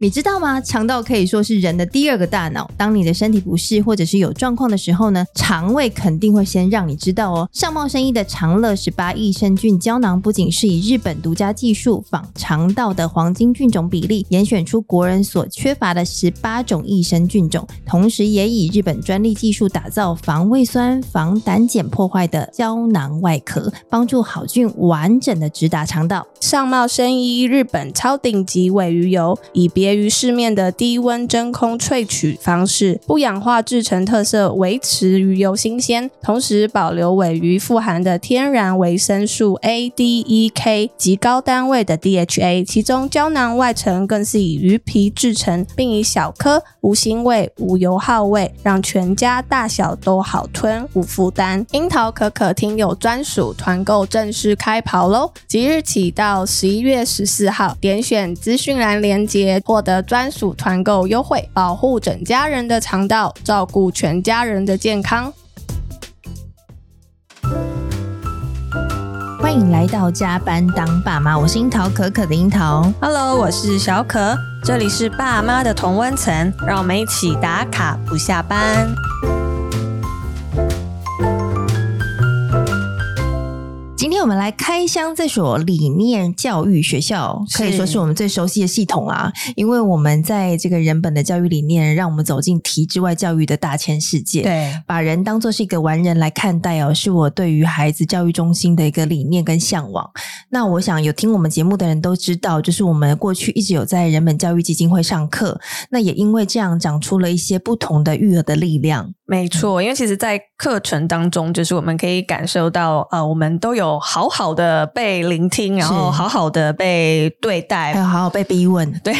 你知道嗎？腸道可以說是人的第二個大腦。當你的身體不適或者是有狀況的時候呢，腸胃肯定會先讓你知道哦。尚懋生醫的腸樂十八益生菌膠囊，不僅是以日本獨家技術仿腸道的黃金菌種比例，嚴選出國人所缺乏的十八種益生菌種，同時也以日本專利技術打造防胃酸、防膽鹼破壞的膠囊外殼，幫助好菌完整的直達腸道。尚懋生醫日本超頂級鮪魚油，以別。別於市面的低溫真空萃取方式，不氧化製成特色，維持魚油新鮮，同時保留鮪魚富含的天然維生素 A、D、E、K 及高單位的 DHA，其中膠囊外層更是以魚皮製成，並以小顆、無腥味、無油耗味，讓全家大小都好吞，無負擔。櫻桃可可聽友專屬團購正式開跑嘍！即日起到十一月十四號，點選資訊欄連接或的專屬團購優惠，保護整家人的腸道，照顧全家人的健康。歡迎來到加班當爸媽，我是櫻桃可可的櫻桃，Hello，我是小可，這裡是爸媽的同溫層，讓我們一起打卡不下班。今天我們來開箱這所理念教育學校，可以說是我們最熟悉的系統啊，因為我們在這個人本的教育理念，讓我們走進體制外教育的大千世界，對，把人當做是一個完人來看待哦，是我對於孩子教育中心的一個理念跟嚮往。那我想有聽我們節目的人都知道，就是我們過去一直有在人本教育基金會上課，那也因為這樣長出了一些不同的育兒的力量。嗯、沒錯，因為其實，在課程當中，就是我們可以感受到，呃，我們都有。好好的被聆聽，然後好好的被對待，還有好好被逼問。對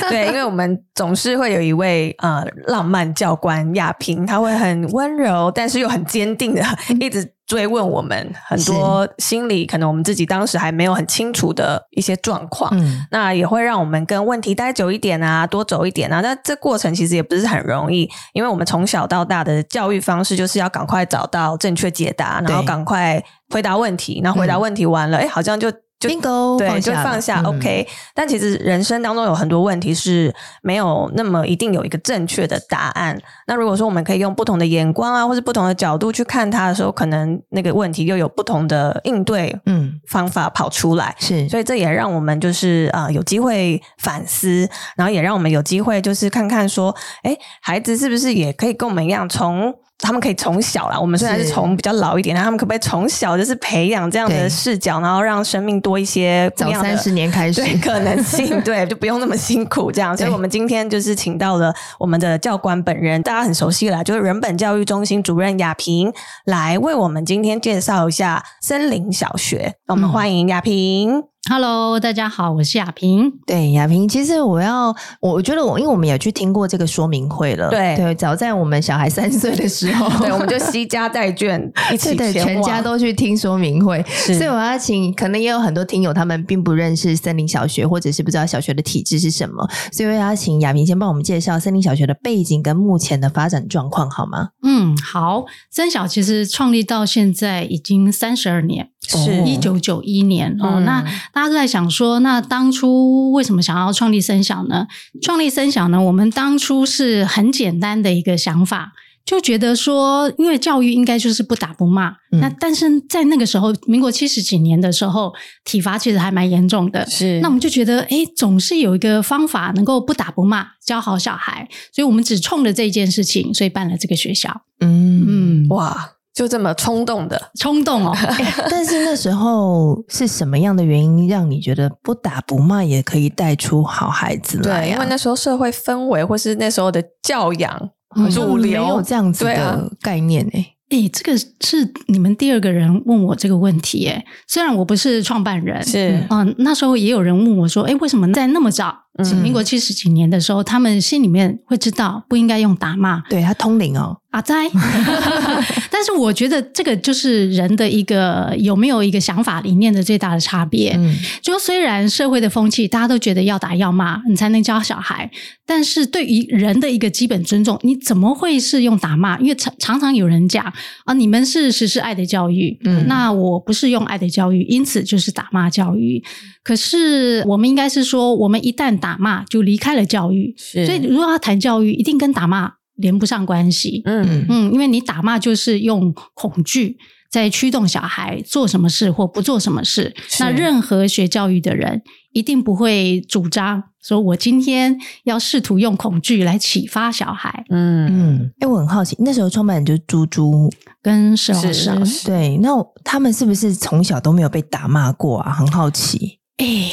對，對 因為我們總是會有一位呃浪漫教官雅萍，他會很溫柔，但是又很堅定的一直追問我們很多心裡可能我們自己當時還沒有很清楚的一些狀況。嗯是，那也會讓我們跟問題待久一點啊，多走一點啊。那這過程其實也不是很容易，因為我們從小到大的教育方式就是要趕快找到正確解答，然後趕快。回答問題，那回答問題完了，哎、嗯，好像就就 Bingo, 對，放就放下，嗯，OK。但其實人生當中有很多問題是沒有那麼一定有一個正確的答案。那如果說我們可以用不同的眼光啊，或者不同的角度去看它的時候，可能那個問題又有不同的應對嗯方法跑出來。嗯、是，所以這也讓我們就是啊、呃、有機會反思，然後也讓我們有機會就是看看說，哎，孩子是不是也可以跟我們一樣從。他們可以從小啦。我們雖然是從比較老一點，是他們可不可以從小就是培養這樣的視角，對然後讓生命多一些早三十年開始對可能性， 對，就不用那麼辛苦這樣。對所以，我們今天就是請到了我們的教官本人，大家很熟悉了，就是人本教育中心主任雅萍來為我們今天介紹一下森林小學。那我們歡迎雅萍。嗯 Hello，大家好，我是雅萍。對，雅萍，其實我要，我覺得我，因為我們也去聽過這個說明會了。對對，早在我們小孩三歲的時候， 對，我們就攜家帶眷一起 對全家都去聽說明會。是所以我要請，可能也有很多聽友他們並不認識森林小學，或者是不知道小學的體制是什麼，所以我要請雅萍先幫我們介紹森林小學的背景跟目前的發展狀況，好嗎？嗯，好，森小其實創立到現在已經三十二年。是，一九九一年哦。嗯、那大家都在想說，那當初為什麼想要創立森小呢？創立森小呢？我們當初是很簡單的一個想法，就覺得說，因為教育應該就是不打不罵。嗯、那但是在那個時候，民國七十幾年的時候，體罰其實還蠻嚴重的。是，那我們就覺得，哎，總是有一個方法能夠不打不罵教好小孩，所以我們只衝着這件事情，所以辦了這個學校。嗯，哇。就這麼衝動的衝動哦， 但是那時候是什麼樣的原因讓你覺得不打不罵也可以帶出好孩子來、啊、對，因為那時候社會氛圍或是那時候的教養，好像沒有、主流、嗯、沒有這樣子的概念哎、欸。哎、欸，這個是你們第二個人問我這個問題哎、欸，雖然我不是創辦人，是嗯，那時候也有人問我說，哎、欸，為什麼在那麼早？民國七十幾年的時候，嗯、他們心裡面會知道不應該用打罵，對他通靈哦，阿呆、啊。在 但是我覺得這個就是人的一個有沒有一個想法理念的最大的差別。嗯，就雖然社會的風氣大家都覺得要打要罵，你才能教小孩，但是對於人的一個基本尊重，你怎麼會是用打罵？因為常常常有人講啊，你們是實施愛的教育，嗯，那我不是用愛的教育，因此就是打罵教育。可是我們應該是說，我們一旦打罵就離開了教育，是所以如果要談教育，一定跟打罵連不上關係。嗯嗯，因為你打罵就是用恐懼在驅動小孩做什麼事或不做什麼事。是那任何學教育的人，一定不會主張說我今天要試圖用恐懼來啟發小孩。嗯嗯，哎、嗯欸，我很好奇，那時候創辦人就是朱朱跟史老師，史老師對，那他們是不是從小都沒有被打罵過啊？很好奇，哎、欸。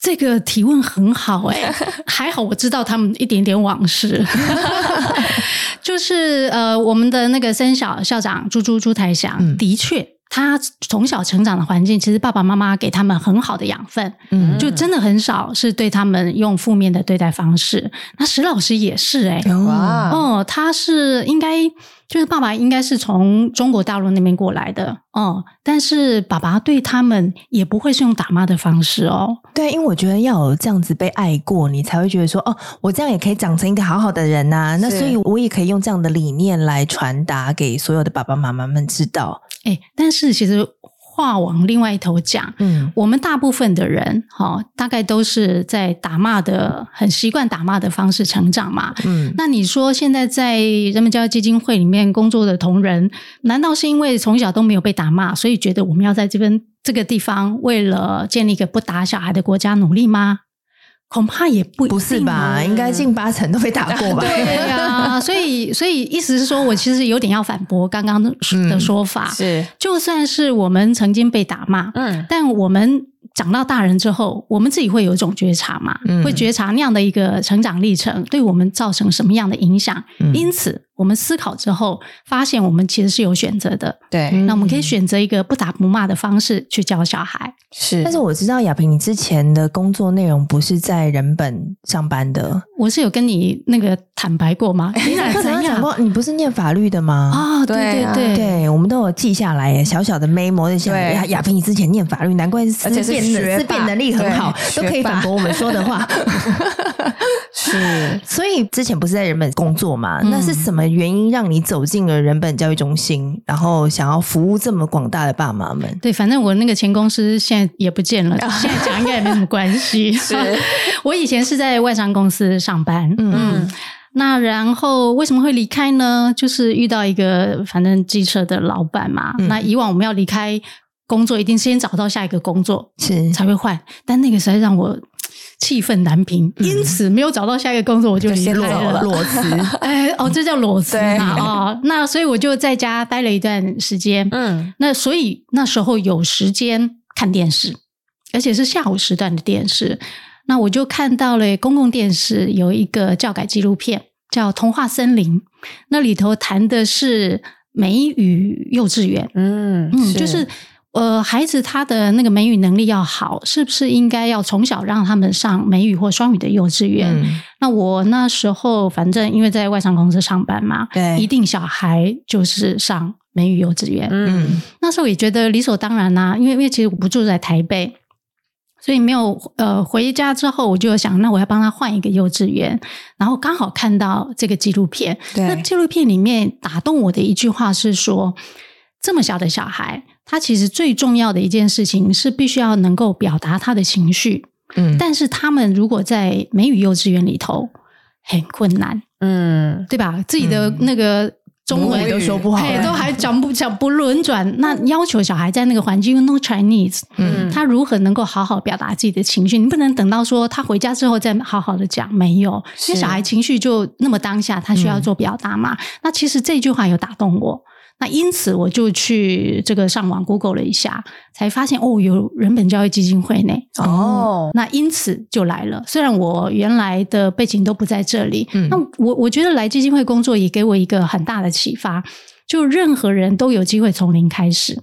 這個提問很好誒、欸， 還好我知道他們一點點往事， 就是呃，我們的那個森小校長朱朱朱台翔，嗯、的確。他從小成長的環境，其實爸爸媽媽給他們很好的養分，嗯，就真的很少是對他們用負面的對待方式。那史老師也是哎、欸，啊、嗯。哦，他是應該就是爸爸應該是從中國大陸那邊過來的哦，但是爸爸對他們也不會是用打罵的方式哦。對，因為我覺得要有這樣子被愛過，你才會覺得說哦，我這樣也可以長成一個好好的人吶、啊。是那所以我也可以用這樣的理念來傳達給所有的爸爸媽媽們知道。哎，但是其實話往另外一頭講，嗯，我們大部分的人，哦，大概都是在打罵的，很習慣打罵的方式成長嘛，嗯。那你說現在在人民教育基金會裡面工作的同仁，難道是因為從小都沒有被打罵，所以覺得我們要在這邊這個地方，為了建立一個不打小孩的國家努力嗎？恐怕也不一定、啊、不是吧，應該近八成都被打過吧。 對呀、啊，所以所以意思是說，我其實有點要反駁剛剛的說法。嗯、是，就算是我們曾經被打罵，嗯，但我們長到大人之後，我們自己會有一種覺察嘛，嗯、會覺察那樣的一個成長歷程對我們造成什麼樣的影響，嗯、因此。我們思考之後，發現我們其實是有選擇的。對，那我們可以選擇一個不打不罵的方式去教小孩。是，但是我知道雅萍，你之前的工作內容不是在人本上班的。我是有跟你那個坦白過嗎？ 你過，你不是念法律的嗎？啊、哦，對對對，對，我們都有記下來小小的 memo 那些。雅萍，你之前念法律，難怪思辨是辨能，是思辨能力很好，都可以反駁我們說的話。 是，所以之前不是在人本工作嗎？嗯、那是什麼？原因讓你走進了人本教育中心，然後想要服務這麼廣大的爸媽們。對，反正我那個前公司現在也不見了，現在講應該也沒什麼關係。 是 我以前是在外商公司上班，嗯，嗯，那然後為什麼會離開呢？就是遇到一個反正機車的老闆嘛。嗯、那以往我們要離開工作，一定先找到下一個工作是才會換，但那個時候讓我。氣憤難平，因此沒有找到下一個工作，嗯、我就先裸辭了，裸辭，哎， 哦，這叫裸辭啊對、哦，那所以我就在家待了一段時間。嗯，那所以那時候有時間看電視，而且是下午時段的電視，那我就看到了公共電視有一個教改紀錄片，叫《童話森林》，那裡頭談的是美語幼稚園。嗯嗯，嗯是就是。呃，孩子他的那個美語能力要好，是不是應該要從小讓他們上美語或雙語的幼稚園？嗯，那我那時候反正因為在外商公司上班嘛，對，一定小孩就是上美語幼稚園。嗯，那時候我也覺得理所當然吶，啊，因為因為其實我不住在台北，所以沒有呃回家之後我就想，那我要幫他換一個幼稚園。然後剛好看到這個紀錄片，對那紀錄片裡面打動我的一句話是說，這麼小的小孩。他其實最重要的一件事情是必須要能夠表達他的情緒，嗯，但是他們如果在美語幼稚園裡頭很困難，嗯，對吧？自己的那個中文都說不好語，都還講不講不輪轉， 那要求小孩在那個環境 no Chinese，嗯，他如何能夠好好表達自己的情緒？你不能等到說他回家之後再好好的講，沒有，那小孩情緒就那麼當下，他需要做表達嘛。嗯，那其實這句話有打動我。那因此我就去這個上網 Google 了一下，才發現哦，有人本教育基金會呢。哦，oh. 那因此就來了。雖然我原來的背景都不在這裡，嗯，那我我覺得來基金會工作也給我一個很大的啟發，就任何人都有機會從零開始。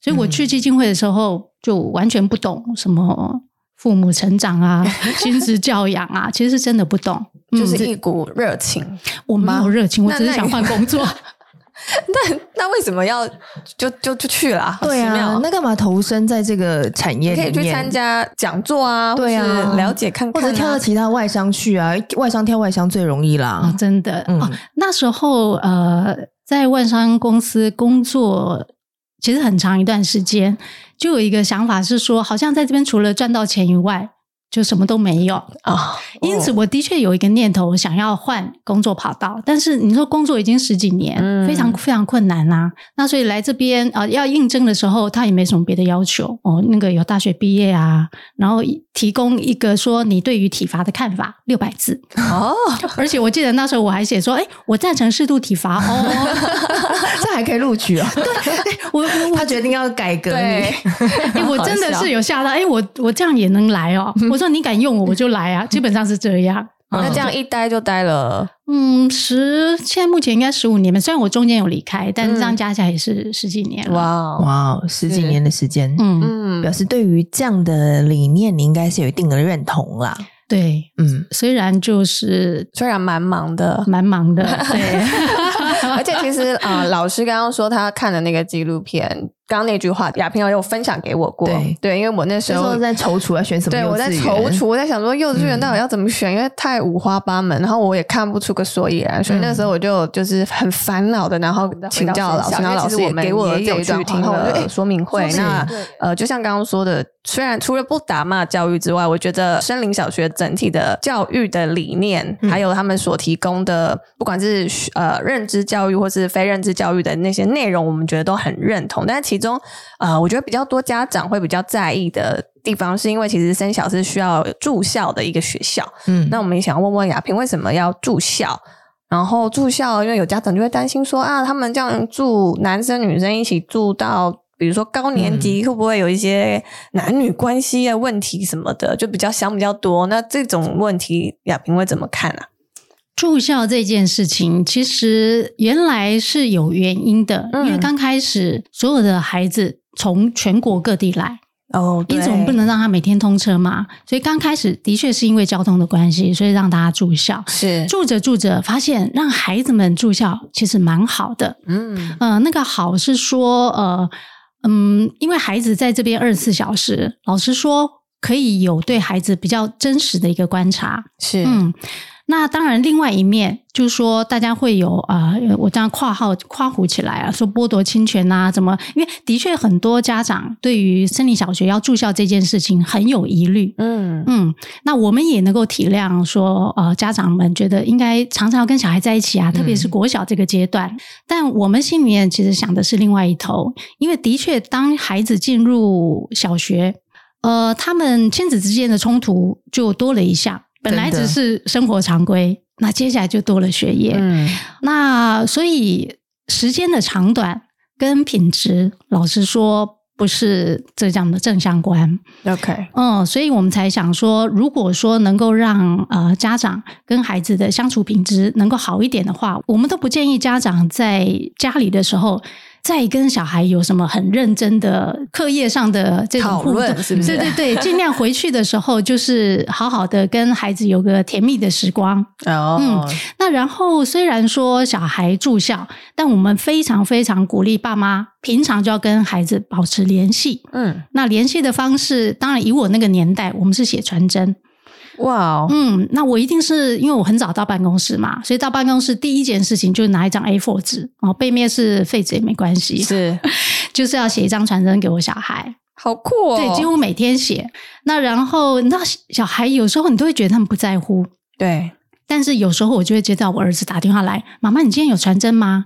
所以我去基金會的時候，就完全不懂什麼父母成長啊、親子 教養啊，其實是真的不懂，嗯、就是一股熱情。我沒有熱情，媽我只是想換工作。那那 那那為什麼要就就就去了？對呀、啊，那幹嘛投身在這個產業裡面？可以去參加講座啊，對呀、啊，了解看看、啊，或者跳到其他外商去啊，外商跳外商最容易啦。哦、真的、嗯哦，那時候呃，在外商公司工作其實很長一段時間，就有一個想法是說，好像在這邊除了賺到錢以外。就什麼都沒有啊，哦、因此我的確有一個念頭，我、哦、想要換工作跑道，但是你說工作已經十幾年，嗯、非常非常困難啦、啊。那所以來這邊啊、呃，要應徵的時候，他也沒什麼別的要求哦，那個有大學畢業啊，然後提供一個說你對於體罰的看法，六百字哦。而且我記得那時候我還寫說，哎、欸，我贊成適度體罰哦， 這還可以錄取哦 對，對，我，我他決定要改革你，對 笑欸、我真的是有嚇到，哎、欸，我我這樣也能來哦，那你敢用我，就來啊！ 基本上是這樣。那、嗯嗯、這樣一待就待了，嗯，十現在目前應該十五年吧。雖然我中間有離開，但是這樣加起來也是十幾年了。哇、嗯、哇，十幾年的時間，嗯，嗯表示對於這樣的理念，你應該是有一定的認同啦。對，嗯，雖然就是雖然蠻忙的，蠻忙的，對 而且其實啊、呃，老師剛剛說他看的那個紀錄片。剛那句話，雅萍有分享給我過。對，因為我那時候在躊躇要選什麼。對，我在躊躇，我在想說幼稚園到底要怎麼選，因為太五花八門，然後我也看不出個所以然，所以那時候我就就是很煩惱的。然後請教老師，然後老師給我們也有去聽了說明會。那呃，就像剛剛說的，雖然除了不打罵教育之外，我覺得森林小學整體的教育的理念，還有他們所提供的不管是呃認知教育或是非認知教育的那些內容，我們覺得都很認同。但其中，呃，我覺得比較多家長會比較在意的地方，是因為其實森小是需要住校的一個學校，嗯，那我們也想問問雅萍，為什麼要住校？然後住校，因為有家長就會擔心說啊，他們這樣住，男生女生一起住到，比如說高年級，會不會有一些男女關係的問題什麼的，就比較想比較多。那這種問題，雅萍會怎麼看啊？住校這件事情，其實原來是有原因的。嗯、因為剛開始所有的孩子從全國各地來哦，你總不能讓他每天通車嘛，所以剛開始的確是因為交通的關係，所以讓大家住校。是住着住着，發現讓孩子們住校其實蠻好的。嗯、呃、那個好是說呃嗯，因為孩子在這邊二十四小時，老實說可以有對孩子比較真實的一個觀察。是嗯。那當然，另外一面就是說，大家會有啊、呃，我這樣括號括弧起來啊，說剝奪親權吶、啊，怎麼？因為的確很多家長對於森林小學要住校這件事情很有疑慮。嗯嗯，那我們也能夠體諒說，說呃，家長們覺得應該常常要跟小孩在一起啊，特別是國小這個階段。嗯、但我們心裡面其實想的是另外一頭，因為的確當孩子進入小學，呃，他們親子之間的衝突就多了一下。本來只是生活常規，真的，那接下來就多了學業。嗯、那所以時間的長短跟品質，老實說不是這樣的正相關。OK，嗯，所以我們才想說，如果說能夠讓呃家長跟孩子的相處品質能夠好一點的話，我們都不建議家長在家裡的時候。再跟小孩有什麼很認真的課業上的這種互動、討論，是不是？對對對，盡量回去的時候，就是好好的跟孩子有個甜蜜的時光。Oh. 嗯，那然後雖然說小孩住校，但我們非常非常鼓勵爸媽平常就要跟孩子保持聯繫。嗯，oh. 那聯繫的方式，當然以我那個年代，我們是寫傳真。哇哦，Wow. 嗯，那我一定是因為我很早到辦公室嘛，所以到辦公室第一件事情就是拿一張 A4 紙，哦，背面是廢紙也沒關係，是， 就是要寫一張傳真給我小孩。好酷哦？對，幾乎每天寫，那然後那小孩有時候你都會覺得他們不在乎，對。但是有時候我就會接到我兒子打電話來，媽媽，你今天有傳真嗎？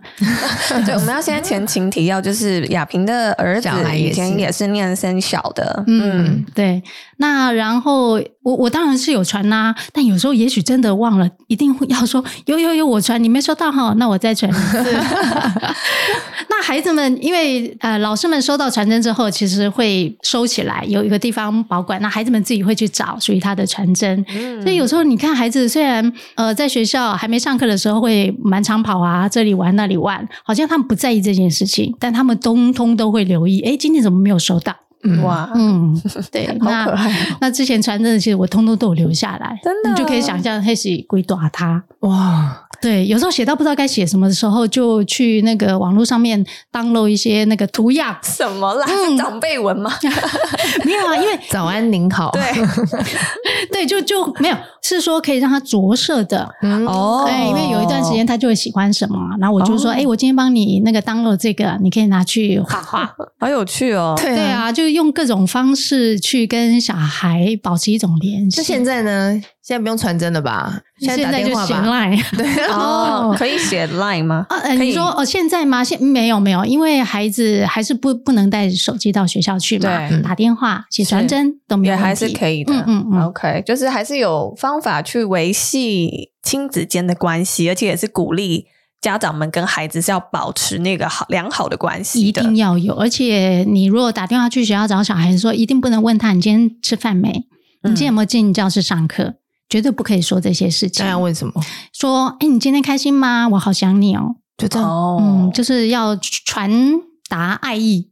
對， 我們要先前情提要，就是雅萍的兒子以前也是念森小的，小嗯，嗯對。那然後我我當然是有傳啦、啊，但有時候也許真的忘了，一定會要說有有有我傳，你沒收到哈？那我再傳一次。 那孩子們因為呃老師們收到傳真之後，其實會收起來，有一個地方保管。那孩子們自己會去找屬於他的傳真，嗯、所以有時候你看孩子雖然。呃，在學校還沒上課的時候，會滿場跑啊，這裡玩那裡玩，好像他們不在意這件事情，但他們通通都會留意。誒今天怎麼沒有收到？嗯，嗯哇，嗯 對，那、哦、那之前傳真的其實我通通都有留下來，真的，你就可以想象黑石鬼打他哇。對，有時候寫到不知道該寫什麼的時候，就去那個網絡上面 download 一些那個圖樣什麼啦？嗯、長輩文嗎？ 沒有啊，因為早安您好，對， 對，就就沒有，是說可以讓他着色的。嗯、哦，哎，因為有一段時間他就會喜歡什麼，然後我就說，哎、哦，我今天幫你那個 download 這個，你可以拿去畫畫，好有趣哦。對對啊，對啊，就用各種方式去跟小孩保持一種聯繫。那現在呢？現在不用傳真了吧？現在，現在就寫 line 對，哦，oh, 可以寫 Line 嗎？啊、uh, 以，你說哦，現在嗎？現沒有沒有，因為孩子還是不不能帶手機到學校去嘛。對打電話寫傳真是都沒問題，也還是可以的。嗯，嗯，嗯 o、okay. k 就是還是有方法去維繫親子間的關係，而且也是鼓勵家長們跟孩子是要保持那個好良好的關係的，一定要有。而且你如果打電話去學校找小孩子，說一定不能問他你今天吃飯沒？嗯、你今天有沒有進教室上課？絕對不可以說這些事情。那要問什麼？說，哎、欸，你今天開心嗎？我好想你哦，就這樣，oh. 嗯，就是要傳達愛意。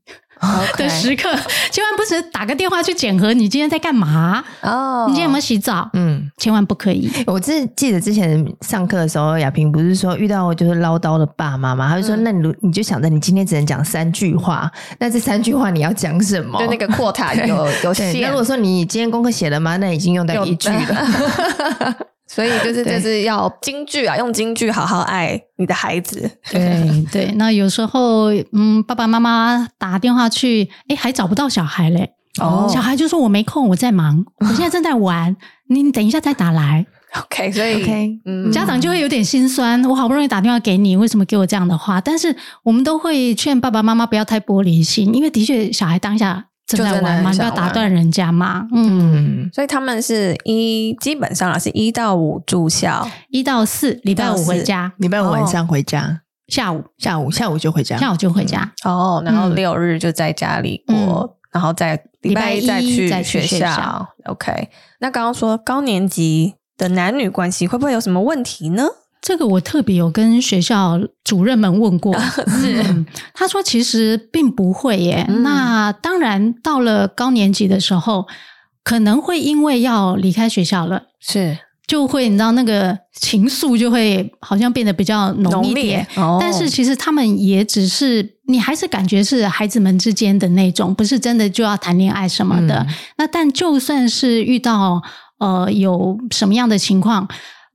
Okay. 的時刻，千萬不是打個電話去檢核你今天在幹嘛哦，oh. 你今天有沒有洗澡？嗯，千萬不可以。我是記得之前上課的時候，雅萍不是說遇到就是嘮叨的爸媽嗎？他就說：“嗯、那你你就想着你今天只能講三句話，那這三句話你要講什麼？”就那個 quota 有 對有限。那如果說你今天功課寫了嗎？那已經用到一句了。有的 所以就是就是要京劇啊，對用京劇好好愛你的孩子。對對，對，那有時候嗯，爸爸媽媽打電話去，哎，還找不到小孩嘞。哦，小孩就說：“我沒空，我在忙，我現在正在玩，啊、你等一下再打來。” OK，所以 OK、嗯、家長就會有點心酸。我好不容易打電話給你，為什麼給我這樣的話？但是我們都會勸爸爸媽媽不要太玻璃心，因為的確小孩當下。正在玩嗎？你不要打斷人家嘛。嗯，所以他們是一基本上啊是一到五住校，一到四禮拜五回家，禮拜五晚上回家，哦、下午下午下午就回家，下午就回家，嗯。哦，然後六日就在家裡過，嗯、然後在禮拜一再去學校。學校 OK，那剛剛說高年級的男女關係會不會有什麼問題呢？這個我特別有跟學校主任們問過， 是嗯、他說其實並不會耶。嗯、那當然到了高年級的時候，可能會因為要離開學校了，是就會你知道那個情愫就會好像變得比較濃烈。濃哦、但是其實他們也只是你還是感覺是孩子們之間的那種，不是真的就要談戀愛什麼的。嗯、那但就算是遇到呃有什麼樣的情況。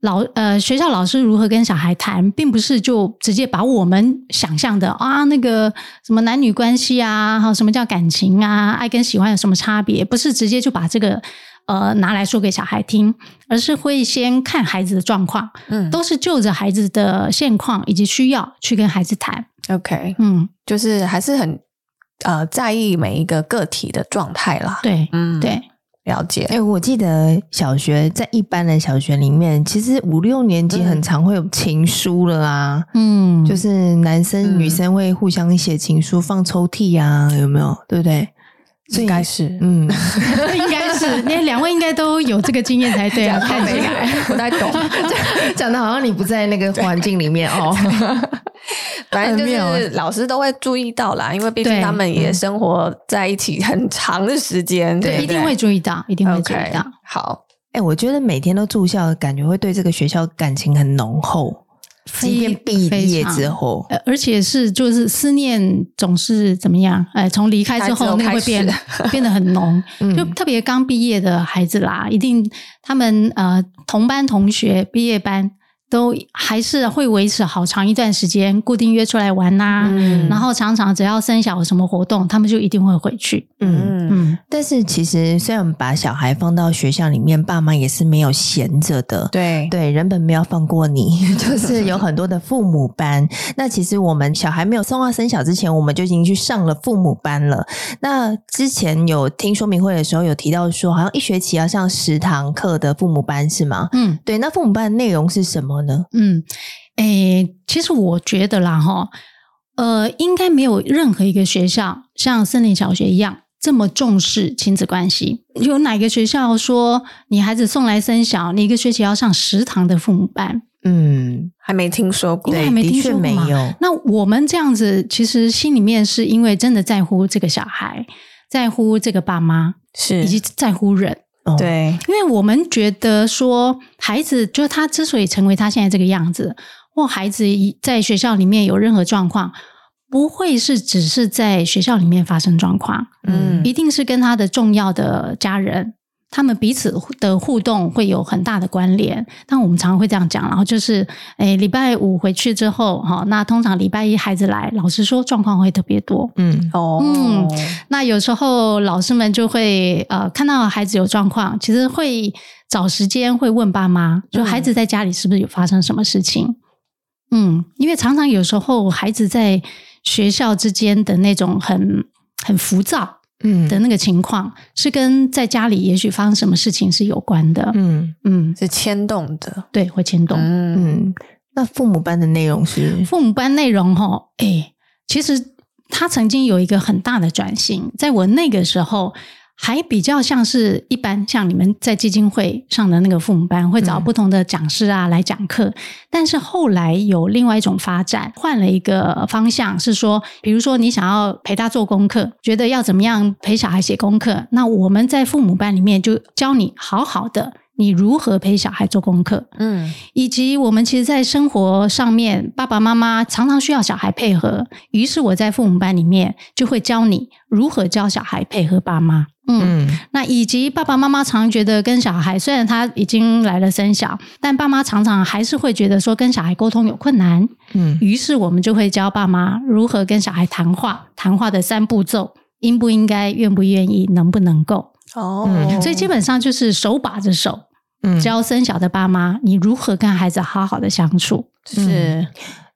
老，呃，學校老師如何跟小孩談，並不是就直接把我們想象的啊，那個什麼男女關係啊，還有什麼叫感情啊，愛跟喜歡有什麼差別？不是直接就把這個呃拿來說給小孩聽，而是會先看孩子的狀況，嗯，都是就着孩子的現況以及需要去跟孩子談。OK，嗯，就是還是很呃在意每一個個體的狀態啦。對，嗯，對。了解，哎、欸，我記得小學在一般的小學裡面，其實五六年級很常會有情書了啊，嗯，就是男生女生會互相寫情書，放抽屜啊，有沒有？嗯、對不對？應該是，嗯，應該是，那 兩位應該都有這個經驗才對啊，太沒了看起來，不太懂， 講的好像你不在那個環境裡面哦。反正 就是有老師都會注意到啦，因為畢竟他們也生活在一起很長的時間，對，對對對，一定會注意到，一定會注意到。Okay，好，哎、欸，我覺得每天都住校，感覺會對這個學校感情很濃厚。即便畢業之後，呃，而且是就是思念總是怎麼樣？哎、呃，從離開之後，那個會變會變得很濃。 嗯、就特別剛畢業的孩子啦，一定他們呃同班同學畢業班。都還是會維持好長一段時間，固定約出來玩吶、啊。嗯、然後常常只要森小有什麼活動，他們就一定會回去。嗯，嗯，但是其實雖然把小孩放到學校裡面，爸媽也是沒有閒着的。對對，人本沒有放過你，就是有很多的父母班。 那其實我們小孩沒有送到森小之前，我們就已經去上了父母班了。那之前有聽說明會的時候有提到說，好像一學期要上十堂課的父母班是嗎？嗯，對。那父母班的內容是什麼？嗯，誒、欸，其實我覺得啦，哈，呃，應該沒有任何一個學校像森林小學一樣這麼重視親子關係。有哪個學校說，你孩子送來森小，你一個學期要上十堂的父母班？嗯，還沒聽說過，還沒聽說過嗎？的確沒有。那我們這樣子，其實心裡面是因為真的在乎這個小孩，在乎這個爸媽，是以及在乎人。對，因為我們覺得說，孩子就是他之所以成為他現在這個樣子，或孩子在學校裡面有任何狀況，不會是只是在學校裡面發生狀況，嗯，一定是跟他的重要的家人，他們彼此的互動會有很大的關聯，但我們常常會這樣講，然後就是，誒，禮拜五回去之後，哈、哦，那通常禮拜一孩子來，老師說狀況會特別多，嗯，哦，嗯，那有時候老師們就會呃看到孩子有狀況，其實會找時間會問爸媽，說孩子在家裡是不是有發生什麼事情？嗯，嗯，因為常常有時候孩子在學校之間的那種很很浮躁。嗯，的那個情況、嗯、是跟在家裡也許發生什麼事情是有關的。嗯嗯，嗯是牽動的，對，會牽動嗯。嗯，那父母班的內容是？父母班內容吼，哎、欸，其實他曾經有一個很大的轉型，在我那個時候。還比較像是一般，像你們在基金會上的那個父母班，會找不同的講師啊來講課。嗯、但是後來有另外一種發展，換了一個方向，是說，比如說你想要陪他做功課，覺得要怎麼樣陪小孩寫功課，那我們在父母班裡面就教你好好的，你如何陪小孩做功課。嗯，以及我們其實，在生活上面，爸爸媽媽常常需要小孩配合，於是我在父母班裡面就會教你如何教小孩配合爸媽。嗯，那以及爸爸媽媽常覺得跟小孩，雖然他已經來了森小，但爸媽常常還是會覺得說，跟小孩溝通有困難。嗯，於是我們就會教爸媽如何跟小孩談話，談話的三步驟：應不應該、願不願意、能不能夠。哦，所以基本上就是手把着手，教森小的爸媽，你如何跟孩子好好的相處，嗯、就是。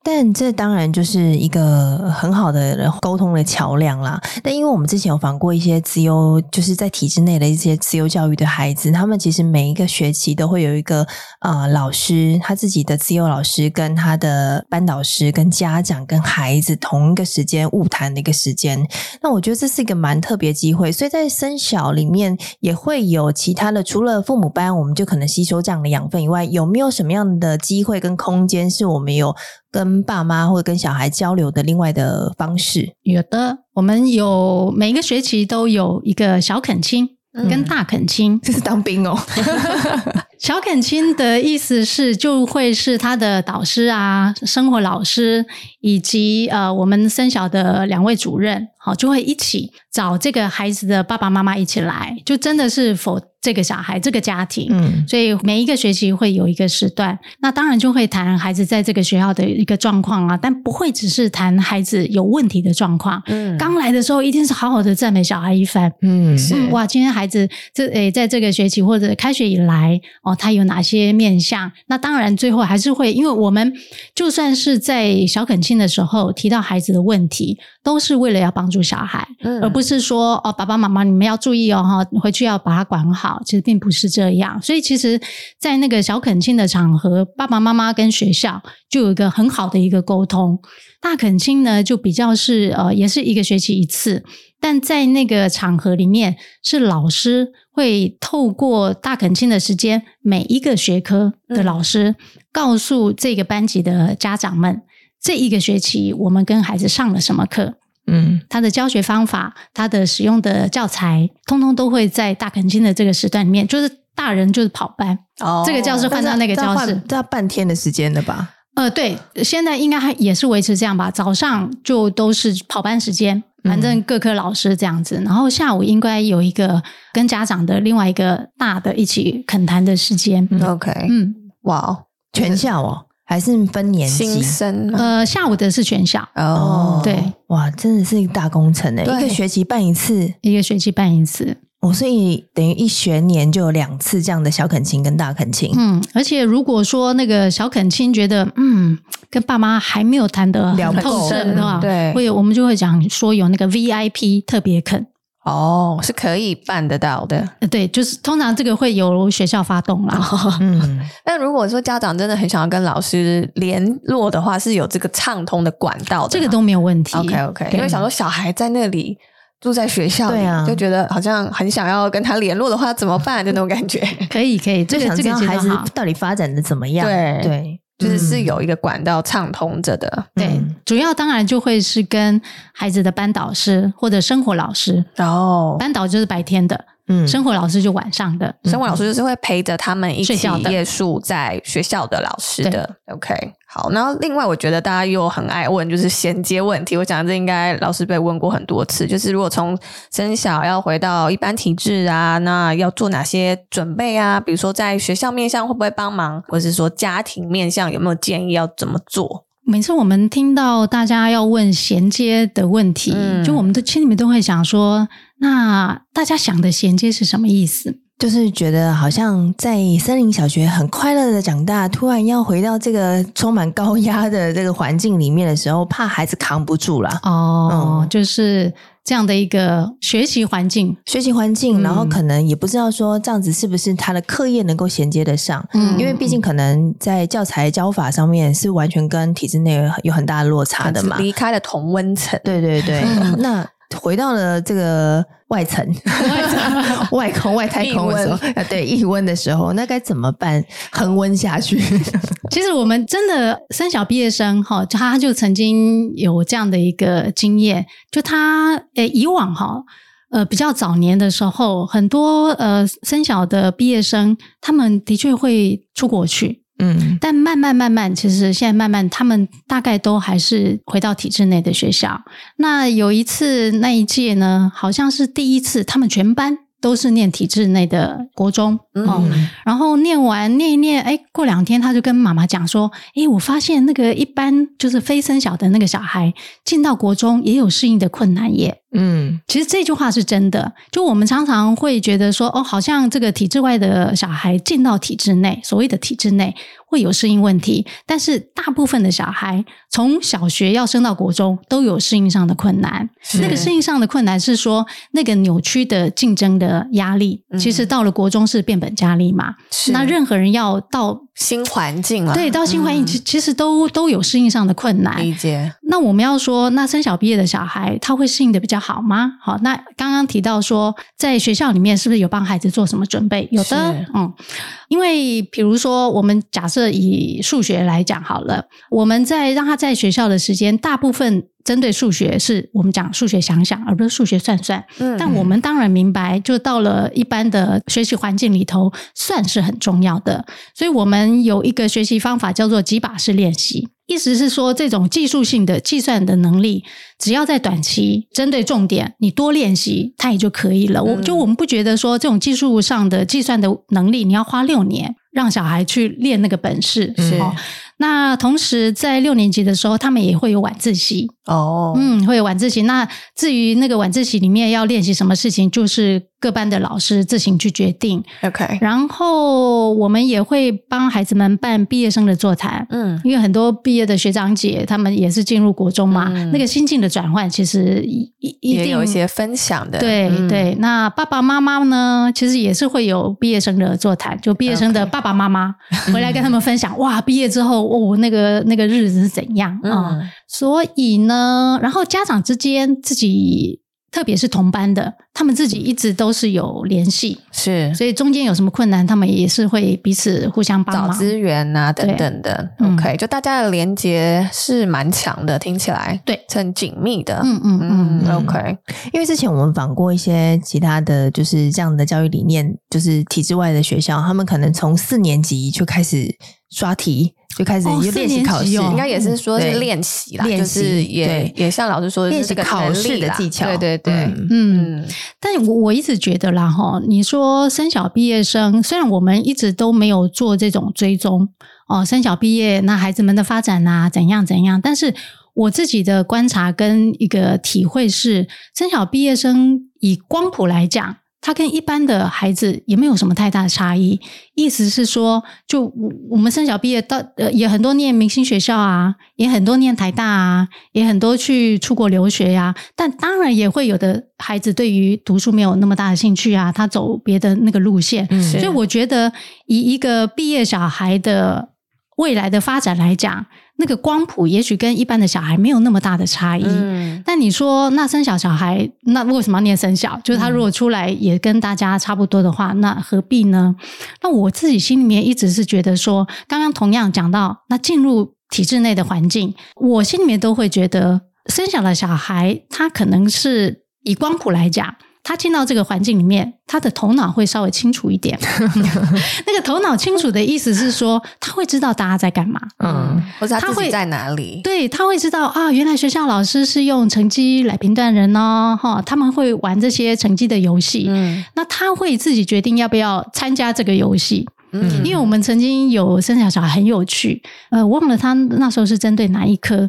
但這當然就是一個很好的溝通的橋樑啦。但因為我們之前有訪過一些資優，就是在體制內的一些資優教育的孩子，他們其實每一個學期都會有一個啊、呃、老師，他自己的資優老師跟他的班導師、跟家長、跟孩子同一個時間晤談的一個時間。那我覺得這是一個蠻特別機會。所以在森小裡面也會有其他的，除了父母班，我們就可能吸收這樣的養分以外，有沒有什麼樣的機會跟空間是我們有跟？跟爸媽或者跟小孩交流的另外的方式，有的。我們有每一個學期都有一個小懇親跟大懇親。嗯，這是當兵哦。 小懇親的意思是，就會是他的導師啊，生活老師。以及呃，我們森小的兩位主任，好、哦，就會一起找這個孩子的爸爸媽媽一起來，就真的是否這個小孩這個家庭，嗯，所以每一個學期會有一個時段，那當然就會談孩子在這個學校的一個狀況啊，但不會只是談孩子有問題的狀況，嗯，剛來的時候一定是好好的讚美小孩一番，嗯，是嗯哇，今天孩子這誒在這個學期或者開學以來哦，他有哪些面向？那當然最後還是會，因為我們就算是在小肯青。的時候提到孩子的問題，都是為了要幫助小孩，嗯、而不是說哦，爸爸媽媽你們要注意哦哈，回去要把他管好。其實並不是這樣，所以其實在那個小懇親的場合，爸爸媽媽跟學校就有一個很好的一個溝通。大懇親呢，就比較是呃，也是一個學期一次，但在那個場合裡面，是老師會透過大懇親的時間，每一個學科的老師告訴這個班級的家長們。嗯這一個學期，我們跟孩子上了什麼課？嗯，他的教學方法，他的使用的教材，通通都會在大懇親的這個時段裡面。就是大人就是跑班哦，這個教室換到那個教室，大半天的時間了吧？呃，對，現在應該還也是維持這樣吧。早上就都是跑班時間，反正各科老師這樣子。嗯、然後下午應該有一個跟家長的另外一個大的一起懇談的時間。OK，嗯，哇哦 Okay.、嗯，wow, 全校哦。 還是分年級，新生呃，下午的是全校哦。對，哇，真的是一個大工程誒，對一個學期辦一次，一個學期辦一次。哦，所以等於一學年就有兩次這樣的小懇親跟大懇親。嗯，而且如果說那個小懇親覺得嗯，跟爸媽還沒有談得聊透徹的話，對，會我，我們就會講說有那個 VIP 特別懇。哦，oh, 是可以辦得到的。對，就是通常這個會由學校發動啦。Oh, 嗯，但如果說家長真的很想要跟老師聯絡的話，是有這個暢通的管道的，這個都沒有問題。OK OK，嗎因為想說小孩在那裡住在學校，對啊，就覺得好像很想要跟他聯絡的話怎麼辦？這種感覺 可以可以，最想知道這個孩子到底發展的怎麼樣？對 對。對就是是有一個管道暢通着的，嗯，對，主要當然就會是跟孩子的班導師或者生活老師，然後、嗯、班導就是白天的。嗯，生活老師就晚上的，嗯、生活老師就是會陪着他們一起夜宿在學校的老師的。嗯、睡覺的 OK，好，然後另外我覺得大家又很愛問，就是銜接問題。我想這應該老師被問過很多次，就是如果從生小要回到一般體制啊，那要做哪些準備啊？比如說在學校面向會不會幫忙，或者是說家庭面向有沒有建議要怎麼做？每次我們聽到大家要問銜接的問題，嗯、就我們的心裡面都會想說。那大家想的銜接是什麼意思？就是覺得好像在森林小學很快樂的長大，嗯，突然要回到這個充滿高壓的這個環境裡面的時候，怕孩子扛不住了。哦，嗯，就是這樣的一個學習環境，學習環境，然後可能也不知道說這樣子是不是他的課業能夠銜接得上。嗯，因為畢竟可能在教材教法上面是完全跟體制內有很大的落差的嘛，離開了同溫層。對對對，嗯，那。回到了這個外層， 外空、外太空的時候，啊， 對，一溫的時候，那該怎麼辦？恆溫下去。 其實我們真的森小畢業生哈，他就曾經有這樣的一個經驗，就他誒，以往哈，呃，比較早年的時候，很多呃森小的畢業生，他們的確會出國去。嗯，但慢慢慢慢，其實現在慢慢，他們大概都還是回到體制內的學校。那有一次那一屆呢，好像是第一次他們全班。都是念體制內的國中，嗯哦，然後念完念一念，哎，過兩天他就跟媽媽講說，哎，我發現那個一般就是非森小的那個小孩進到國中也有適應的困難耶。嗯，其實這句話是真的，就我們常常會覺得說，哦，好像這個體制外的小孩進到體制內，所謂的體制內。會有適應問題，但是大部分的小孩從小學要升到國中都有適應上的困難。是那個適應上的困難是說，那個扭曲的競爭的壓力，其實到了國中是變本加厲嘛。是那任何人要到。新環境了、啊，對，到新環境其其實都、嗯、都有適應上的困難。理解。那我們要說，那森小畢業的小孩，他會適應得比較好嗎？好，那剛剛提到說，在學校裡面是不是有幫孩子做什麼準備？有的，是嗯，因為比如說，我們假設以數學來講好了，我們在讓他在學校的時間，大部分。針對數學是我們講數學想想，而不是數學算算。嗯，但我們當然明白，就到了一般的學習環境裡頭，算是很重要的。所以，我們有一個學習方法叫做幾把式練習，意思是說，這種技術性的計算的能力，只要在短期針對重點，你多練習，它也就可以了。我就我們不覺得說，這種技術上的計算的能力，你要花六年讓小孩去練那個本事、哦，是。那同時，在六年級的時候，他們也會有晚自習哦，oh. 嗯，會有晚自習。那至於那個晚自習裡面要練習什麼事情，就是。各班的老師自行去決定，OK。然後我們也會幫孩子們辦畢業生的座談，嗯，因為很多畢業的學長姐，他們也是進入國中嘛，嗯、那個心境的轉換，其實一定也有一些分享的。對、嗯、對，那爸爸媽媽呢，其實也是會有畢業生的座談，就畢業生的爸爸媽媽 Okay. 回來跟他們分享， 哇，畢業之後哦，那個那個日子是怎樣啊？嗯嗯、所以呢，然後家長之間自己。特別是同班的，他們自己一直都是有聯繫，是，所以中間有什麼困難，他們也是會彼此互相幫忙，找資源啊等等的。嗯、OK，就大家的連接是蠻強的，聽起來對，是很緊密的。嗯嗯嗯，嗯，OK。因為之前我們訪過一些其他的就是這樣的教育理念，就是體制外的學校，他們可能從四年級就開始。刷題就開始練習考試，哦、考試應該也是說是練習啦，嗯、對就是也對也像老師說的是這個，練習考試的技巧，對對對，嗯。嗯，但我我一直覺得啦，哈，你說森小畢業生，雖然我們一直都沒有做這種追蹤哦，森小畢業那孩子們的發展啊，怎樣怎樣？但是我自己的觀察跟一個體會是，森小畢業生以光譜來講。他跟一般的孩子也沒有什麼太大的差異，意思是說，就我我們森小畢業到呃，也很多念明星學校啊，也很多念台大啊，也很多去出國留學呀、啊。但當然也會有的孩子對於讀書沒有那麼大的興趣啊，他走別的那個路線。嗯、所以我覺得，以一個畢業小孩的未來的發展來講。那個光譜也許跟一般的小孩沒有那麼大的差異，嗯、但你說那森小小孩，那為什麼要念森小？就是他如果出來也跟大家差不多的話，那何必呢？那我自己心裡面一直是覺得說，剛剛同樣講到那進入體制內的環境，我心裡面都會覺得森小的小孩，他可能是以光譜來講。他進到這個環境裡面，他的頭腦會稍微清楚一點。 那個頭腦清楚的意思是說，他會知道大家在幹嘛，嗯，或者他自己在哪裡。對，他會知道啊，原來學校老師是用成績來評斷人呢，哦，哈，他們會玩這些成績的遊戲。嗯、那他會自己決定要不要參加這個遊戲，嗯，因為我們曾經有森小小孩很有趣，呃，忘了他那時候是針對哪一科。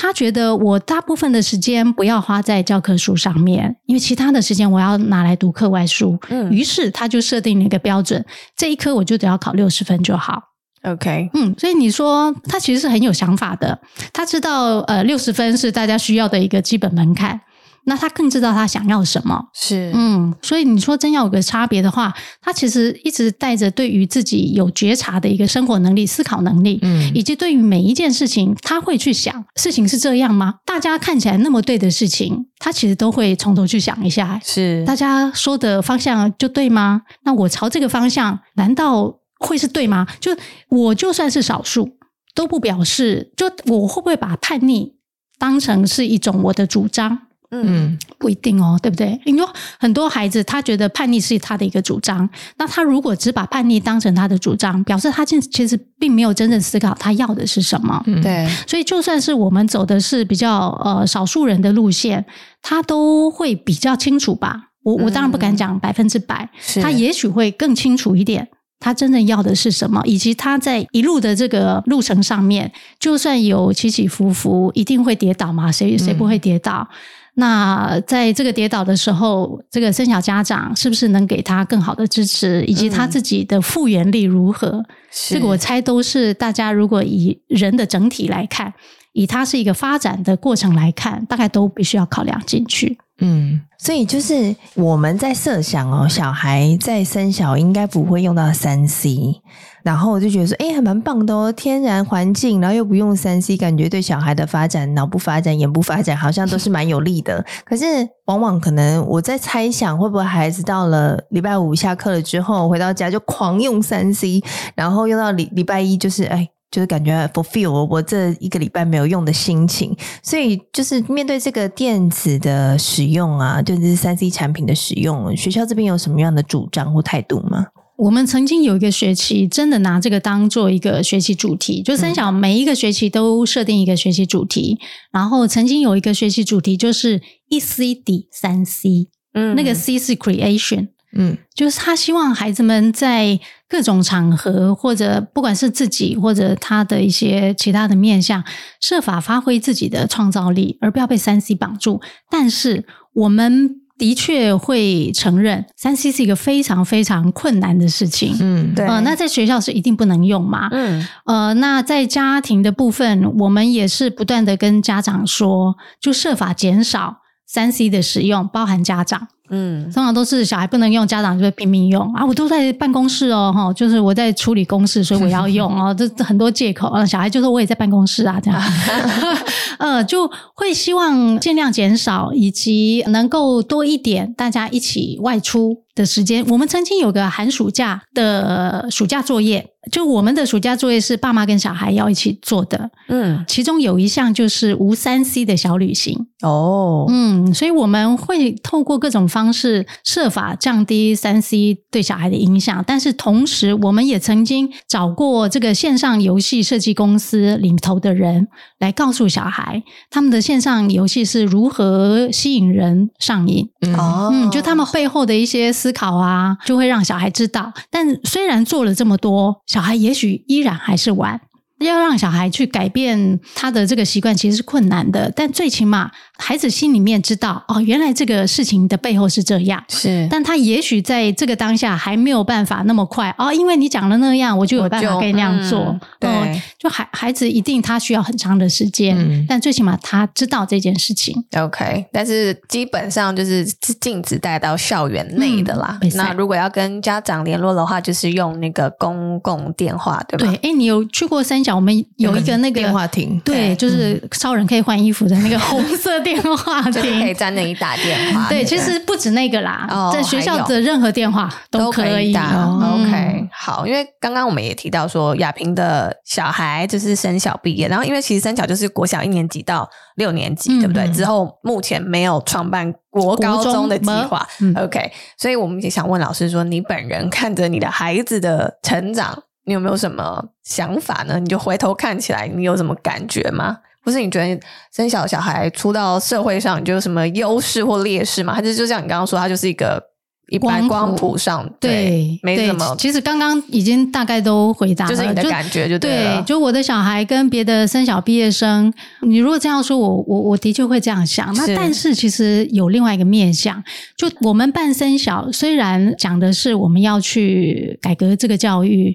他覺得我大部分的時間不要花在教科書上面，因為其他的時間我要拿來讀課外書。嗯，於是他就設定了一個標準，這一科我就只要考六十分就好。OK，嗯，所以你說他其實是很有想法的，他知道呃六十分是大家需要的一個基本門檻。那他更知道他想要什麼。是。嗯，所以你說真要有個差別的話，他其實一直帶着對於自己有覺察的一個生活能力、思考能力，嗯，以及對於每一件事情，他會去想事情是這樣嗎？大家看起來那麼對的事情，他其實都會從頭去想一下。是，大家說的方向就對嗎？那我朝這個方向，難道會是對嗎？就我就算是少數，都不表示，就我會不會把叛逆當成是一種我的主張？嗯，不一定哦，對不對？因為很多孩子他覺得叛逆是他的一個主張，那他如果只把叛逆當成他的主張，表示他其實其實並沒有真正思考他要的是什麼。嗯、對，所以就算是我們走的是比較呃少數人的路線，他都會比較清楚吧？我我當然不敢講百分之百，嗯、是。他也許會更清楚一點，他真正要的是什麼，以及他在一路的這個路程上面，就算有起起伏伏，一定會跌倒嘛？誰誰不會跌倒？嗯那在這個跌倒的時候，這個森小家長是不是能給他更好的支持，以及他自己的復原力如何？嗯、是。這個我猜都是大家如果以人的整體來看。以它是一個發展的過程來看，大概都必須要考量進去。嗯，所以就是我們在設想哦，小孩在森小應該不會用到三 C，然後我就覺得說，誒、欸、還蠻棒的哦，天然環境，然後又不用三 C，感覺對小孩的發展，腦部發展、眼部發展，好像都是蠻有利的。 可是往往可能我在猜想，會不會孩子到了禮拜五下課了之後，回到家就狂用三 C，然後用到禮禮拜一就是誒、欸就是感覺 fulfill 我這一個禮拜沒有用的心情，所以就是面對這個電子的使用啊，就是三 C 產品的使用，學校這邊有什麼樣的主張或態度嗎？我們曾經有一個學期真的拿這個當做一個學習主題，就森小每一個學期都設定一個學習主題，嗯、然後曾經有一個學習主題就是一 C 抵三 C，嗯，那個 C 是 creation。嗯，就是他希望孩子們在各種場合，或者不管是自己或者他的一些其他的面向，設法發揮自己的創造力，而不要被三 C 綁住。但是我們的確會承認，三 C 是一個非常非常困難的事情。嗯，對。呃，那在學校是一定不能用嘛？嗯，呃，那在家庭的部分，我們也是不斷的跟家長說，就設法減少三 C 的使用，包含家長。嗯，通常都是小孩不能用，家長就會拼命用啊！我都在辦公室哦，齁，就是我在處理公事，所以我要用哦。這這 很多借口啊，小孩就說我也在辦公室啊，這樣， 呃，就會希望盡量減少，以及能夠多一點大家一起外出。的時間，我們曾經有個寒暑假的暑假作業，就我們的暑假作業是爸媽跟小孩要一起做的。嗯，其中有一項就是無三 C 的小旅行。哦，嗯，所以我們會透過各種方式設法降低三 C 對小孩的影響，但是同時我們也曾經找過這個線上遊戲設計公司領頭的人來告訴小孩，他們的線上遊戲是如何吸引人上癮。哦、嗯，就他們背後的一些。思考啊，就會讓小孩知道。但雖然做了這麼多，小孩也許依然還是玩。要讓小孩去改變他的這個習慣，其實是困難的。但最起碼孩子心裡面知道，哦，原來這個事情的背後是這樣。是，但他也許在這個當下還沒有辦法那麼快。哦，因為你講了那樣，我就有辦法可以那樣做。嗯、對，嗯、就孩孩子一定他需要很長的時間。嗯，但最起碼他知道這件事情。OK，但是基本上就是禁止帶到校園內的啦。嗯、那如果要跟家長聯絡的話，就是用那個公共電話，對不對？對，哎，你有去過森小？我們有一個那個,個電話亭，對，對啊、就是超人可以換衣服的那個紅色電話亭， 可以在那裡打電話。對，對其實不止那個啦，哦、在學校的任何電話都可以,都可以打。哦嗯、OK，好，因為剛剛我們也提到說，雅萍的小孩就是森小畢業，然後因為其實森小就是國小一年級到六年級，嗯、對不對？之後目前沒有創辦國高中的計劃。嗯、OK，所以我們也想問老師說，你本人看着你的孩子的成長。你有沒有什麼想法呢？你就回頭看起來，你有什麼感覺嗎？不是你覺得你生小小孩出到社會上，你有什麼優勢或劣勢嗎？還是就像你剛剛說，它就是一個一般光譜上光土對沒什麼？其實剛剛已經大概都回答了，對就是你的感覺就對,對就我的小孩跟別的生小畢業生，你如果這樣說，我我我的確會這樣想。是那但是其實有另外一個面向，就我們辦生小，雖然講的是我們要去改革這個教育。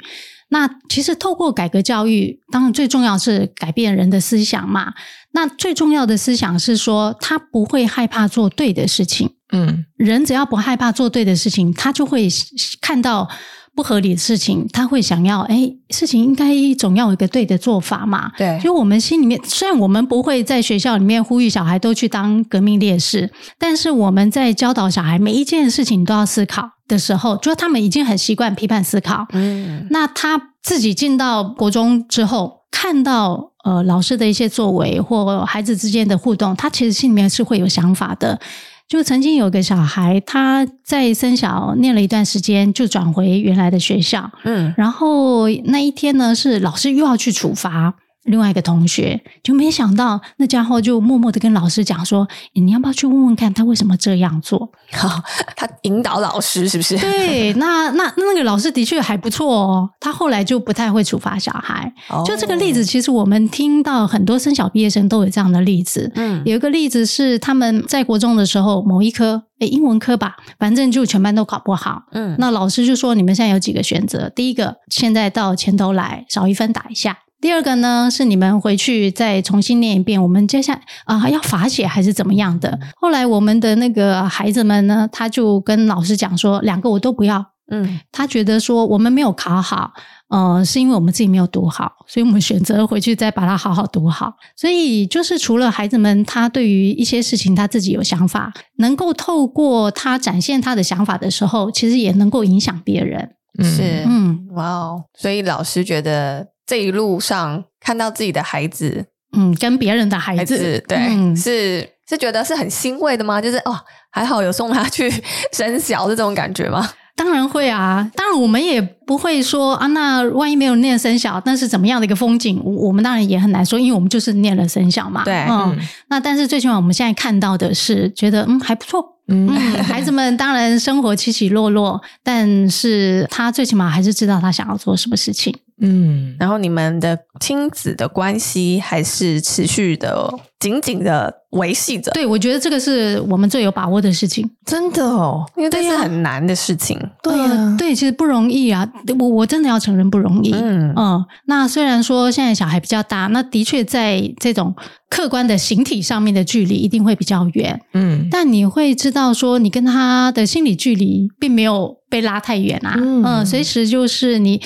那其實透過改革教育，當然最重要是改變人的思想嘛。那最重要的思想是說，他不會害怕做對的事情。嗯，人只要不害怕做對的事情，他就會看到不合理的事情，他會想要，哎，事情應該總要有一個對的做法嘛。對。就我們心裡面，雖然我們不會在學校裡面呼籲小孩都去當革命烈士，但是我們在教導小孩每一件事情都要思考的時候，就他們已經很習慣批判思考。嗯。那他自己進到國中之後，看到呃老師的一些作為或孩子之間的互動，他其實心裡面是會有想法的。就曾經有一個小孩，他在森小念了一段時間，就轉回原來的學校。嗯，然後那一天呢，是老師又要去處罰。另外一個同學就沒想到，那家伙就默默的跟老師講說、欸：“你要不要去問問看，他為什麼這樣做？”好、哦、他引導老師是不是？對，那那那個老師的確還不錯哦。他後來就不太會處罰小孩。哦、就這個例子，其實我們聽到很多森小畢業生都有這樣的例子。嗯，有一個例子是他們在國中的時候，某一科，欸，英文科吧，反正就全班都考不好。嗯，那老師就說：“你們現在有幾個選擇？第一個，現在到前頭來，少一分打一下。”第二個呢，是你們回去再重新念一遍。我們接下來啊、呃，要罰寫還是怎麼樣的？後來我們的那個孩子們呢，他就跟老師講說：“兩個我都不要。”嗯，他覺得說我們沒有考好，呃，是因為我們自己沒有讀好，所以我們選擇回去再把它好好讀好。所以就是除了孩子們，他對於一些事情他自己有想法，能夠透過他展現他的想法的時候，其實也能夠影響別人。嗯、是，嗯，哇哦，所以老師覺得。這一路上看到自己的孩子，嗯，跟別人的孩子，孩子，對，嗯，是是覺得是很欣慰的嗎？就是哦，還好有送他去森小是這種感覺嗎？當然會啊，當然我們也不會說啊，那萬一沒有念森小，那是怎麼樣的一個風景？我我們當然也很難說，因為我們就是念了森小嘛。對，嗯，嗯，那但是最起碼我們現在看到的是，覺得嗯，還不錯，嗯，嗯 孩子們當然生活起起落落，但是他最起碼還是知道他想要做什麼事情。嗯，然後你們的親子的關係還是持續的緊緊的維繫着。對，我覺得這個是我們最有把握的事情，真的哦，因為這是很難的事情。對啊、嗯對，對，其實不容易啊。我我真的要承認不容易。嗯，嗯，那雖然說現在小孩比較大，那的確在這種客觀的形體上面的距離一定會比較遠。嗯，但你會知道說，你跟他的心理距離並沒有被拉太遠啊。嗯，嗯，隨時就是你。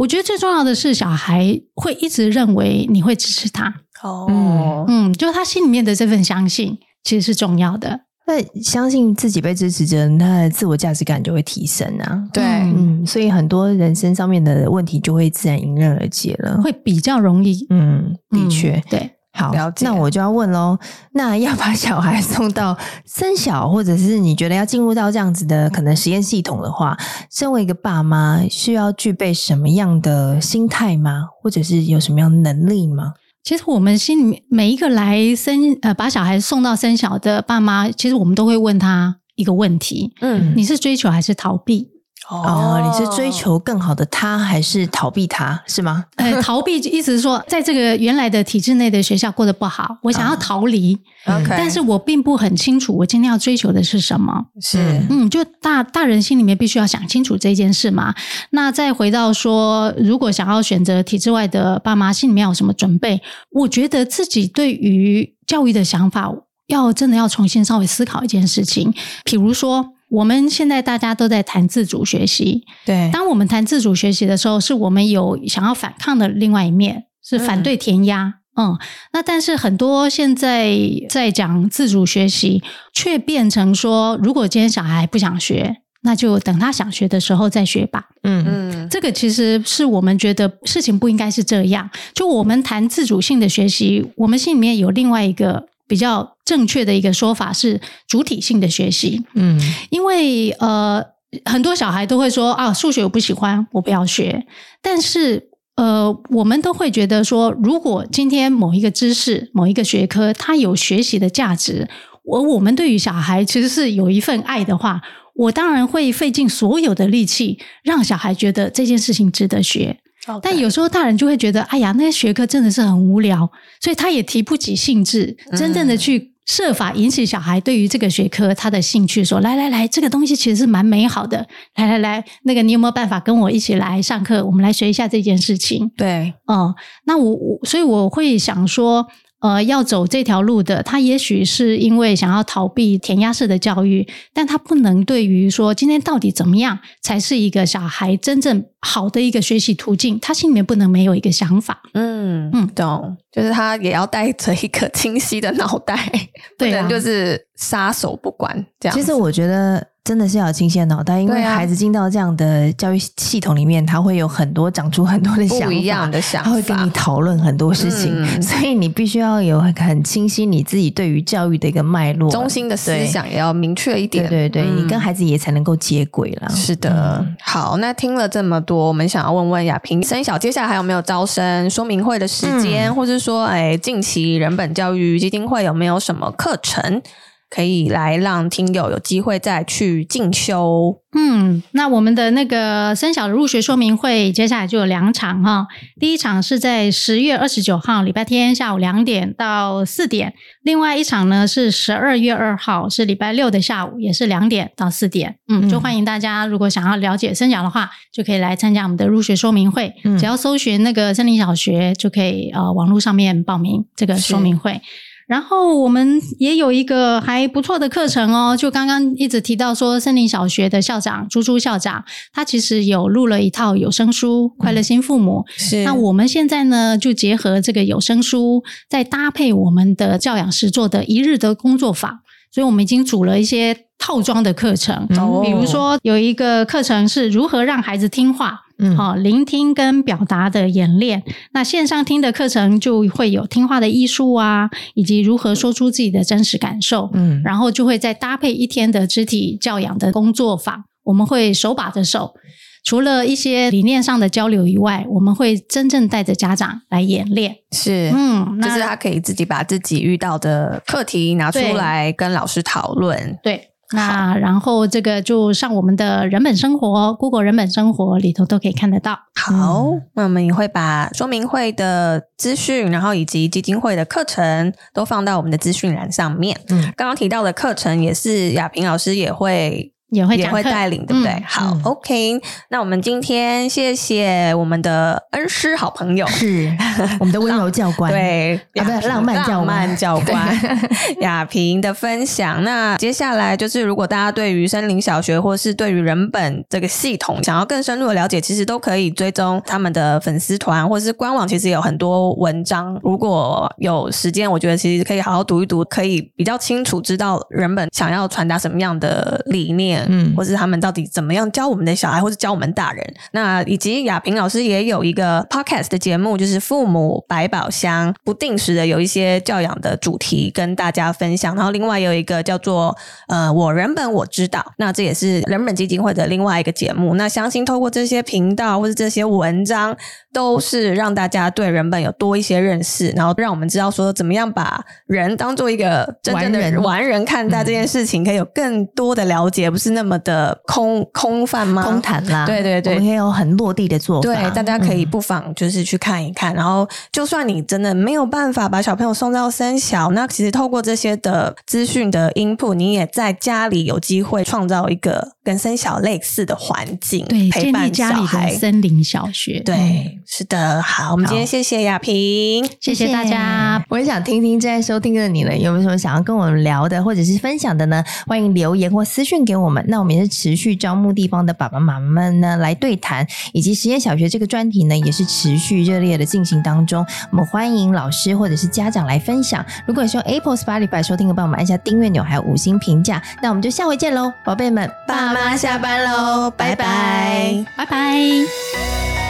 我覺得最重要的是，小孩會一直認為你會支持他。哦，嗯，就是他心裡面的這份相信，其實是重要的。那相信自己被支持著，他的自我價值感就會提升啊。對，嗯，所以很多人生上面的問題就會自然迎刃而解了，會比較容易。嗯，的確，嗯，對。好，了解。那我就要問嘍。那要把小孩送到森小，或者是你覺得要進入到這樣子的可能實驗系統的話，身為一個爸媽，需要具備什麼樣的心態嗎？或者是有什麼樣的能力嗎？其實我們心裡每一個來森呃，把小孩送到森小的爸媽，其實我們都會問他一個問題：嗯，你是追求還是逃避？哦，oh, oh. 你是追求更好的他，還是逃避他，是嗎？ 呃，逃避就意思是說，在這個原來的體制內的學校過得不好，oh. 我想要逃離。OK，嗯、但是我並不很清楚，我今天要追求的是什麼？是，嗯，就大大人心裡面必須要想清楚這件事嘛。那再回到說，如果想要選擇體制外的，爸媽心裡面有什麼準備？我覺得自己對於教育的想法，要真的要重新稍微思考一件事情，譬如說。我們現在大家都在談自主學習，對。當我們談自主學習的時候，是我們有想要反抗的另外一面，是反對填鴨。嗯、嗯，那但是很多現在在講自主學習，卻變成說，如果今天小孩不想學，那就等他想學的時候再學吧。嗯嗯，這個其實是我們覺得事情不應該是這樣。就我們談自主性的學習，我們心裡面有另外一個。比較正確的一個說法是主體性的學習，嗯，因為呃很多小孩都會說啊數學我不喜歡，我不要學，但是呃我們都會覺得說，如果今天某一個知識、某一個學科它有學習的價值，而我們對於小孩其實是有一份愛的話，我當然會費盡所有的力氣讓小孩覺得這件事情值得學。但有時候大人就會覺得，哎呀，那些學科真的是很無聊，所以他也提不起興致，真正的去設法引起小孩對於這個學科他的興趣。說，嗯、來來來，這個東西其實是蠻美好的，來來來，那個你有沒有辦法跟我一起來上課？我們來學一下這件事情。對，嗯，那我我所以我會想說。呃，要走這條路的，他也許是因為想要逃避填鴨式的教育，但他不能對於說今天到底怎麼樣才是一個小孩真正好的一個學習途徑，他心裡面不能沒有一個想法。嗯嗯，懂，嗯，就是他也要帶着一個清晰的腦袋，對啊，就是。撒手不管，這樣。其實我覺得真的是要有清清腦袋，啊、但因為孩子進到這樣的教育系統裡面，他會有很多長出很多的想法，不一樣的想法，他會跟你討論很多事情，嗯、所以你必須要有很清晰你自己對於教育的一個脈絡，中心的思想對也要明確一點。對，對對，嗯、你跟孩子也才能夠接軌了。是的。呃、好，那聽了這麼多，我們想要問問雅萍，森小，接下來還有沒有招生說明會的時間，嗯、或是說，哎、欸，近期人本教育基金會有沒有什麼課程？可以來讓聽友有機會再去進修。嗯，那我們的那個森小的入學說明會，接下來就有兩場哈。第一場是在十月二十九號禮拜天下午兩點到四點，另外一場呢是十二月二號是禮拜六的下午，也是兩點到四點。嗯，就歡迎大家如果想要了解森小的話，嗯、就可以來參加我們的入學說明會。嗯，只要搜尋那個森林小學，就可以呃網路上面報名這個說明會。然後我們也有一個還不錯的課程哦，就剛剛一直提到說，森林小學的校長朱朱校長，他其實有錄了一套有聲書嗯、《快樂新父母》是。是那我們現在呢，就結合這個有聲書，再搭配我們的教養實作的一日的工作坊，所以我們已經組了一些套裝的課程。哦、比如說有一個課程是如何讓孩子聽話。好，嗯，聆聽跟表達的演練。那線上聽的課程就會有聽話的藝術啊，以及如何說出自己的真實感受。嗯，然後就會再搭配一天的肢體教養的工作坊。我們會手把着手，除了一些理念上的交流以外，我們會真正帶着家長來演練。是，嗯，那就是他可以自己把自己遇到的課題拿出來跟老師討論。對。那好然後這個就上我們的“人本生活 ”Google 人本生活裡頭都可以看得到。好，嗯、那我們也會把說明會的資訊，然後以及基金會的課程都放到我們的資訊欄上面。嗯，剛剛提到的課程也是雅萍老師也會。也會也會帶領，對不對？嗯、好、嗯、，OK。那我們今天謝謝我們的恩師、好朋友，是 我們的溫柔教官， 對，不是浪漫浪漫教官雅對萍的分享。那接下來就是，如果大家對於森林小學，或是對於人本這個系統，想要更深入的了解，其實都可以追蹤他們的粉絲團，或是官網，其實有很多文章。如果有時間，我覺得其實可以好好讀一讀，可以比較清楚知道人本想要傳達什麼樣的理念。嗯，或是他們到底怎麼樣教我們的小孩，或是教我們大人？那以及雅萍老師也有一個 podcast 的節目，就是《父母百寶箱》，不定時的有一些教養的主題跟大家分享。然後另外有一個叫做呃，我人本我知道，那這也是人本基金會的另外一個節目。那相信透過這些頻道或者這些文章，都是讓大家對人本有多一些認識，然後讓我們知道說怎麼樣把人當作一個真正的人，完人，完人看待這件事情，可以有更多的了解，嗯、不是？那麼的空空泛嗎？空談啦， 對對對，我們也有很落地的做法，對，大家可以不妨就是去看一看。嗯、然後，就算你真的沒有辦法把小朋友送到森小，那其實透過這些的資訊的 input，你也在家裡有機會創造一個。本小類似的環境，對，陪伴孩家裡孩森林小學，對，嗯、是的，好，好我們今天謝謝雅萍，好謝謝大家。謝謝我也想聽聽正在收聽的你呢，有沒有什麼想要跟我們聊的，或者是分享的呢？歡迎留言或私訊給我們。那我們也是持續招募地方的爸爸媽媽們呢來對談，以及實驗小學這個專題呢也是持續熱烈的進行當中。我們歡迎老師或者是家長來分享。如果是用 Apple Spotify 收聽的，幫我們按下訂閱鈕，還有五星評價，那我們就下回見嘍，寶貝們，爸拜、拜。媽下班嘍，拜拜，拜拜，拜拜。